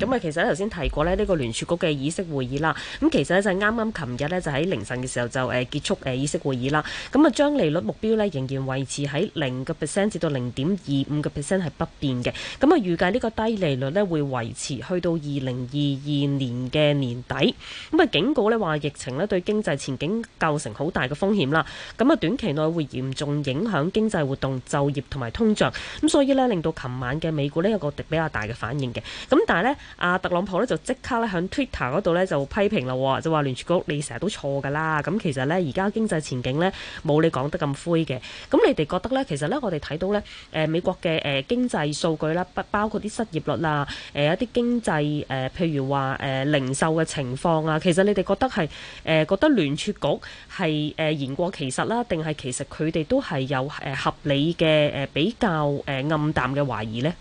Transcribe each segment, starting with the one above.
咁啊，其實咧頭先提過咧，呢個聯儲局嘅議息會議啦。咁其實咧就係啱啱，琴日呢，就喺凌晨嘅時候就誒結束誒議息會議啦。咁啊，將利率目標呢，仍然維持喺零個 percent 至到零點二五個 percent 係不變嘅。咁啊，預計呢個低利率呢，會維持去到二零二二年嘅年底。咁啊，警告呢話疫情呢對經濟前景構成好大嘅風險啦。咁啊，短期內會嚴重影響經濟活動、就業同埋通脹。咁所以呢，令到琴晚嘅美股呢，有個比較大嘅反應嘅。咁但係呢。阿、啊、特朗普咧就即刻咧喺 Twitter 嗰度咧就批評就話啦，就話聯儲局你成日都錯㗎啦。咁其實咧而家經濟前景咧冇你講得咁灰嘅。咁你哋覺得咧，其實咧我哋睇到咧，誒、呃、美國嘅誒、呃、經濟數據啦，不包括啲失業率啊，誒、呃、一啲經濟誒、呃、譬如話誒、呃、零售嘅情況啊，其實你哋覺得係誒、呃、覺得聯儲局係誒、呃、言過其實啦，定係其實佢哋都係有誒、呃、合理嘅誒比較誒、呃、暗淡嘅懷疑呢？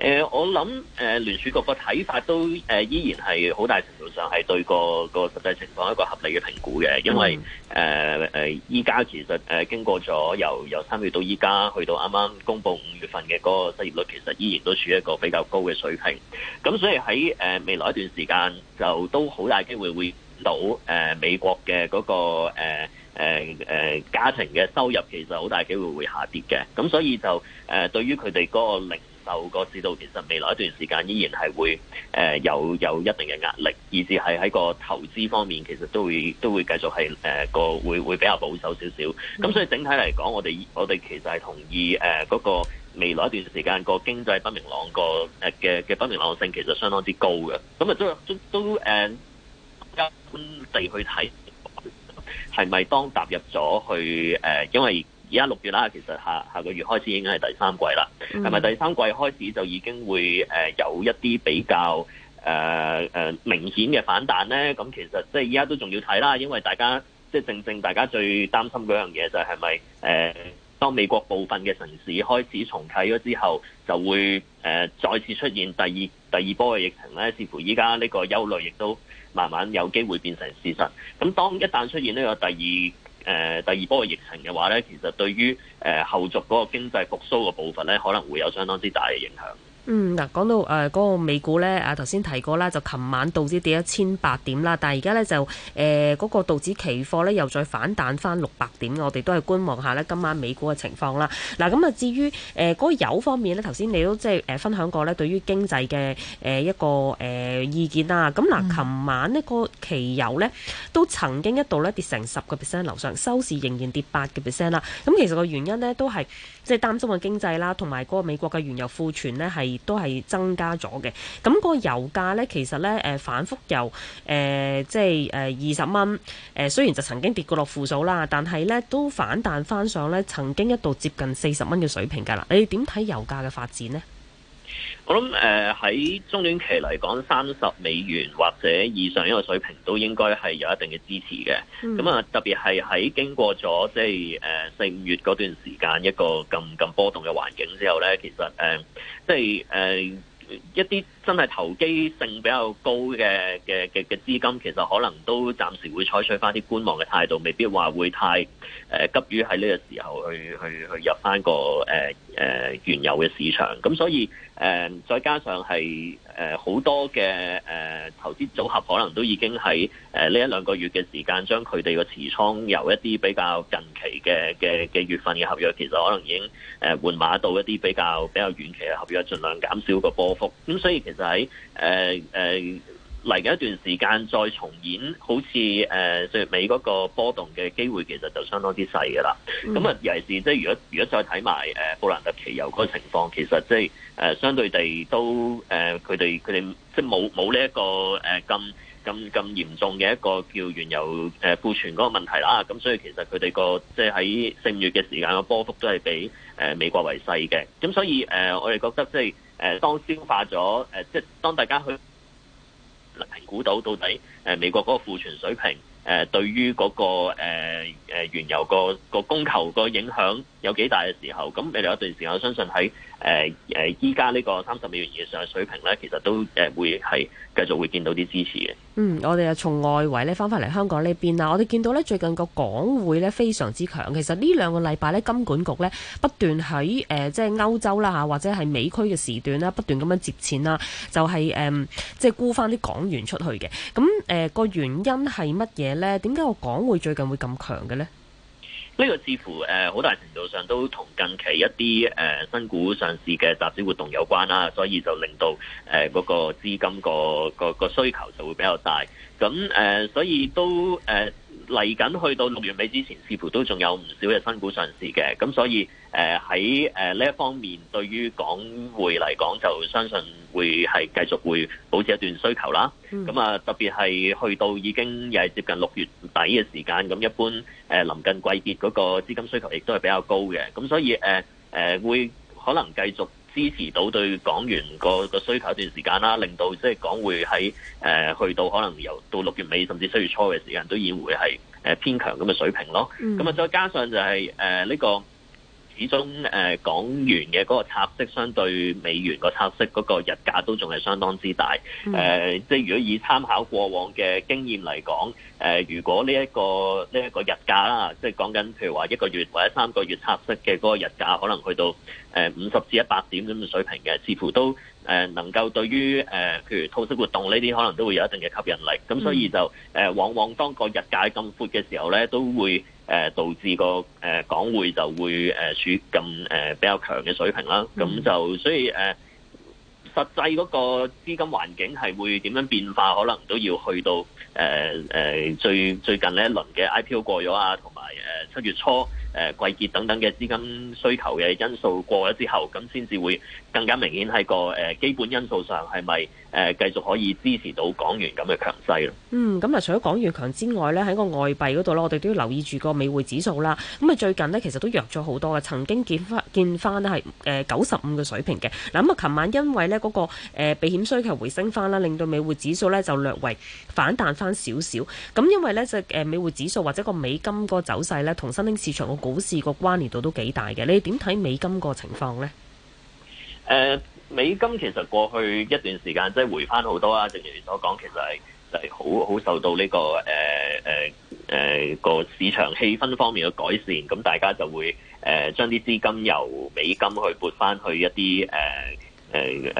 呃、我諗誒聯儲局個睇法都、呃、依然係好大程度上係對個個實際情況一個合理嘅評估嘅，因為誒依家其實、呃、經過咗由由三月到依家，去到啱啱公佈五月份嘅嗰個失業率，其實依然都處於一個比較高嘅水平。咁所以喺、呃、未來一段時間就都好大機會會到誒、呃、美國嘅嗰、嗰個誒誒、呃呃、家庭嘅收入，其實好大機會會下跌嘅。咁所以就誒、呃，對於佢哋嗰個零後個制度其實未來一段時間依然係會有有一定嘅壓力，以至係喺個投資方面，其實都會都會繼續係個會比較保守少少。咁所以整體嚟講，我哋我哋其實係同意嗰個未來一段時間個經濟不明朗個嘅嘅不明朗性其實相當之高嘅。咁啊都都都誒，一般地去睇係咪當踏入咗去誒？因為而家六月啦，其實下下個月開始已經係第三季啦，係咪、嗯、第三季開始就已經會誒有一啲比較誒誒、呃呃、明顯嘅反彈咧？咁其實即係依家都仲要睇啦，因為大家即係、就是、正正大家最擔心嗰樣嘢就係係咪誒當美國部分嘅城市開始重啟咗之後，就會誒、呃、再次出現第二第二波嘅疫情咧？似乎依家呢個憂慮亦都慢慢有機會變成事實。咁當一旦出現呢個第二誒第二波嘅疫情嘅話咧，其實對於誒後續嗰個經濟復甦嘅部分咧，可能會有相當之大嘅影響。嗯嗱，講到誒嗰個美股咧，啊頭先提過啦，就琴晚道指跌一千八點啦，但係而家咧就誒嗰、呃嗰個道指期貨咧又再反彈翻六百點，我哋都係觀望下咧今晚美股嘅情況啦。嗱、啊，咁啊至於誒嗰個油方面咧，頭先你都即係誒分享過咧，對於經濟嘅誒一個誒、呃、意見啦。咁嗱、嗯，琴晚個呢個期油咧都曾經一度咧跌成十個 percent 樓上，收市仍然跌八個 percent 啦。咁其實個原因咧都係。即係擔心嘅經濟啦，同埋嗰個美國嘅原油庫存呢，係都係增加咗嘅。咁個油價呢，其實呢，誒反覆由誒、呃、即係誒二十蚊，誒、呃呃、雖然就曾經跌過落負數啦，但係呢，都反彈翻上呢，曾經一度接近四十蚊嘅水平㗎啦。你點睇油價嘅發展呢？我諗誒喺中短期嚟講，三十美元或者以上一個水平都應該係有一定嘅支持嘅，咁啊、嗯、特別係喺經過咗即係誒四五月嗰段時間一個咁咁波動嘅環境之後呢，其實誒即係誒。呃即係呃一啲真係投機性比較高嘅嘅嘅嘅資金，其實可能都暫時會採取翻啲觀望嘅態度，未必話會太誒、呃、急於喺呢個時候去去去入翻個誒誒、呃、原油嘅市場。咁所以誒、呃，再加上係誒好多嘅誒。呃啲組合可能都已經喺誒呢一兩個月嘅時間，將佢哋嘅持倉由一啲比較近期嘅嘅嘅月份嘅合約，其實可能已經誒換馬到一啲比較比較遠期嘅合約，儘量減少個波幅。咁所以其實喺誒誒嚟緊一段時間，再重演好似誒四月尾嗰個波動嘅機會，其實就相當之細噶啦。咁啊，mm，hmm. 尤其是即係如果如果再睇埋誒布蘭特期油嗰個情況，其實即係誒相對地都誒佢哋佢哋。呃冇冇呢一個誒咁咁咁嚴重嘅一個叫原油誒庫存嗰個問題啦，咁所以其實佢哋個即係喺剩餘嘅時間嘅波幅都係比誒美國為細嘅，咁所以誒我哋覺得即係誒當消化咗誒即係當大家去評估到到底誒美國嗰個庫存水平誒對於嗰個誒誒原油個個供求個影響有幾大嘅時候，咁未來一段時間我相信喺。誒誒，依家呢個三十美元以上嘅水平呢，其實都誒會係繼續會見到啲支持嘅。嗯，我哋啊從外圍咧翻返嚟香港呢邊啊，我哋見到呢最近個港匯咧非常之強。其實呢兩個禮拜呢，金管局呢不斷喺誒即係歐洲啦嚇，或者係美區嘅時段啦，不斷咁樣接錢啦，就係誒即係沽翻啲港元出去嘅。咁誒個原因係乜嘢呢？點解個港匯最近會咁強嘅呢？呢個似乎誒好大程度上都同近期一啲誒新股上市嘅集資活動有關啦，所以就令到誒嗰個資金個個個需求就會比較大。咁誒，所以都誒嚟緊，去到六月尾之前，似乎都仲有唔少嘅新股上市嘅。咁所以誒喺呢一方面，對於港匯嚟講，就相信會係繼續會保持一段需求啦。咁啊，特別係去到已經又係接近六月底嘅時間，咁一般誒臨近季節嗰個資金需求亦都係比較高嘅。咁所以誒誒會可能繼續。支持到對港元個個需求一段時間啦，令到即係港匯喺誒、呃、去到可能由到六月尾甚至七月初嘅時間，都已經會係偏強咁嘅水平咯。咁啊、嗯，再加上就係誒呢個。始終誒港元嘅嗰個拆息相對美元個拆息嗰個日價都仲係相當之大、mm. 呃，誒即係如果以參考過往嘅經驗嚟講，誒、呃、如果呢、這、一個呢一、這個日價啦，即係講緊譬如話一個月或者三個月拆息嘅嗰個日價，可能去到誒五十至一百點咁嘅水平嘅，似乎都誒能夠對於誒、呃、譬如套息活動呢啲可能都會有一定嘅吸引力，咁、mm. 所以就誒、呃、往往當個日價咁闊嘅時候咧，都會。誒導致個誒港匯就會誒處於咁誒比較強嘅水平啦，咁就所以誒實際嗰個資金環境係會點樣變化，可能都要去到誒誒最最近呢一輪嘅 IPO 過咗啊，同埋誒。七月初誒季節等等嘅資金需求嘅因素過咗之後，咁先至會更加明顯喺個誒、呃、基本因素上係咪誒繼續可以支持到港元咁嘅強勢咯、嗯？嗯，咁、嗯、啊，除咗港元強之外咧，喺個外幣嗰度咧，我哋都要留意住個美匯指數啦。咁、嗯、啊，最近呢，其實都弱咗好多嘅，曾經見翻見翻咧係誒九十五嘅水平嘅。嗱、嗯，咁、嗯、啊，琴晚因為咧嗰、嗰個避險需求回升翻啦，令到美匯指數咧就略為反彈翻少少。咁、嗯、因為咧隻誒美匯指數或者個美金個走勢咧。同新興市場個股市個關聯度都幾大嘅，你點睇美金個情況呢？誒、呃，美金其實過去一段時間即係回翻好多啦。正如你所講，其實係係好好受到呢、這個誒誒誒個市場氣氛方面嘅改善，咁大家就會誒將啲資金由美金去撥翻去一啲誒誒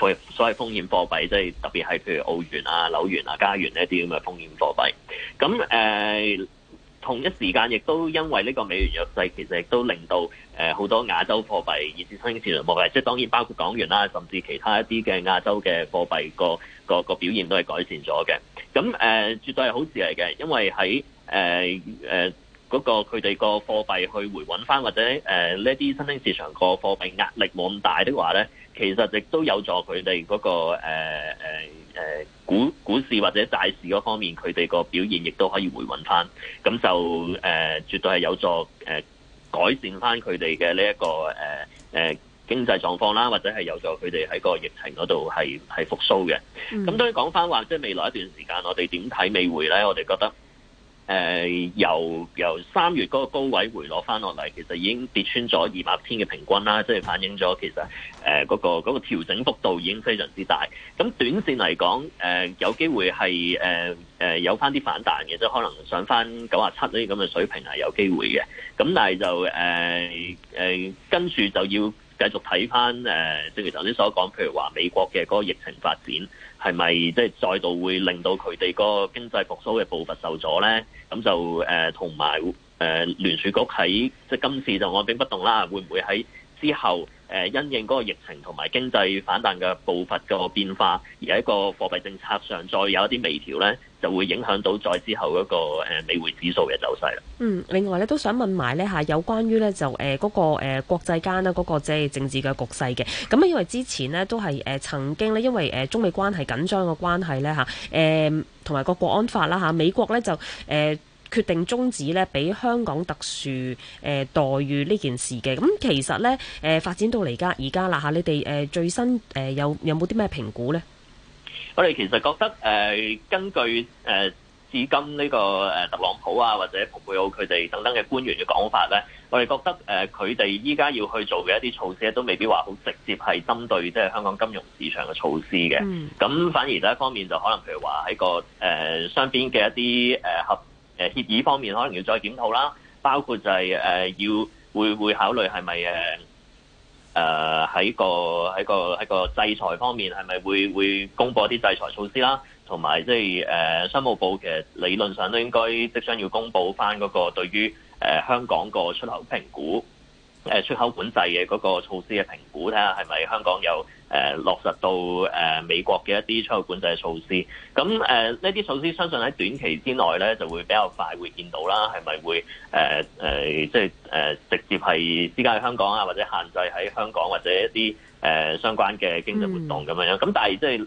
誒所謂風險貨幣，即係特別係譬如澳元啊、紐元啊、加元呢啲咁嘅風險貨幣。咁誒。呃同一時間，亦都因為呢個美元弱勢，其實亦都令到誒好多亞洲貨幣，尤其是新興市場貨幣，即係當然包括港元啦，甚至其他一啲嘅亞洲嘅貨幣個，個表現都係改善咗嘅。咁誒、呃，絕對係好事嚟嘅，因為喺誒、呃呃嗰個佢哋個貨幣去回穩翻，或者誒呢啲新興市場個貨幣壓力冇咁大嘅話咧，其實亦都有助佢哋嗰個誒誒股股市或者債市嗰方面佢哋個表現亦都可以回穩翻，咁就誒絕對係有助誒改善翻佢哋嘅呢一個誒誒經濟狀況啦，或者係有助佢哋喺個疫情嗰度係係復甦嘅。咁當然講翻話，即係未來一段時間我哋點睇美匯咧？我哋覺得。誒、呃、由由三月嗰個高位回落翻落嚟，其實已經跌穿咗二百天嘅平均啦，即、就、係、是、反映咗其實誒嗰、呃那個嗰、那個、調整幅度已經非常之大。咁短線嚟講，誒、呃、有機會係誒、呃呃、有翻啲反彈嘅，即係可能上翻九十七呢咁嘅水平係有機會嘅。咁但係就誒、呃呃、跟住就要。繼續睇翻誒，正如頭先所講，譬如話美國嘅嗰個疫情發展係咪即係再度會令到佢哋個經濟復蘇嘅步伐受阻咧？咁就誒同埋誒聯署局喺即係今次就按兵不動啦，會唔會喺？之後，誒因應嗰個疫情同埋經濟反彈嘅步伐個變化，而喺個貨幣政策上再有一啲微調呢，就會影響到再之後嗰個美匯指數嘅走勢啦。嗯，另外咧都想問埋呢嚇，有關於呢就誒嗰、呃那個誒、呃、國際間啦嗰、那個即係政治嘅局勢嘅。咁啊，因為之前呢都係誒曾經呢，因為誒中美關係緊張嘅關係呢，嚇、呃，誒同埋個國安法啦嚇，美國呢就誒。呃決定終止咧，俾香港特殊誒待遇呢件事嘅。咁其實咧，誒發展到嚟家而家啦嚇，你哋誒最新誒有有冇啲咩評估咧？我哋其實覺得誒、呃、根據誒至今呢個誒特朗普啊或者蓬佩奧佢哋等等嘅官員嘅講法咧，我哋覺得誒佢哋依家要去做嘅一啲措施都未必話好直接係針對即係香港金融市場嘅措施嘅。咁、嗯、反而另一方面就可能譬如話喺個誒、呃、雙邊嘅一啲誒合。呃誒協議方面可能要再檢討啦，包括就係誒要會會考慮係咪誒誒喺個喺個喺個制裁方面係咪會會公布啲制裁措施啦，同埋即係誒商務部其實理論上都應該即將要公布翻嗰個對於誒香港個出口評估。誒出口管制嘅嗰個措施嘅評估，睇下係咪香港有誒、呃、落實到誒、呃、美國嘅一啲出口管制嘅措施。咁誒呢啲措施，相信喺短期之內咧就會比較快會見到啦。係咪會誒誒，即係誒直接係施加喺香港啊，或者限制喺香港或者一啲誒、呃、相關嘅經濟活動咁樣樣？咁、嗯、但係即係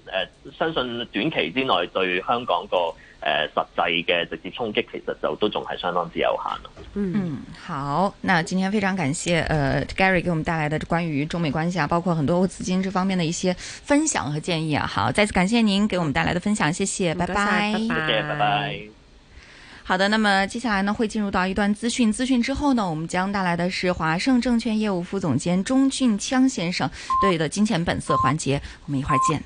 誒，相信短期之內對香港個呃實際的直接衝擊其實就都仲係相當之有限。嗯，好，那今天非常感謝，呃 Gary 給我們帶來的關於中美關係啊，包括很多資金這方面的一些分享和建議啊。好，再次感謝您給我們帶來的分享，謝謝，謝謝拜拜，拜，拜謝謝，拜拜，拜拜。好的，那麼接下來呢會進入到一段資訊，資訊之後呢，我們將帶來的是華盛證券業務副總監鍾俊鏘先生對的金錢本色環節，我們一會兒見。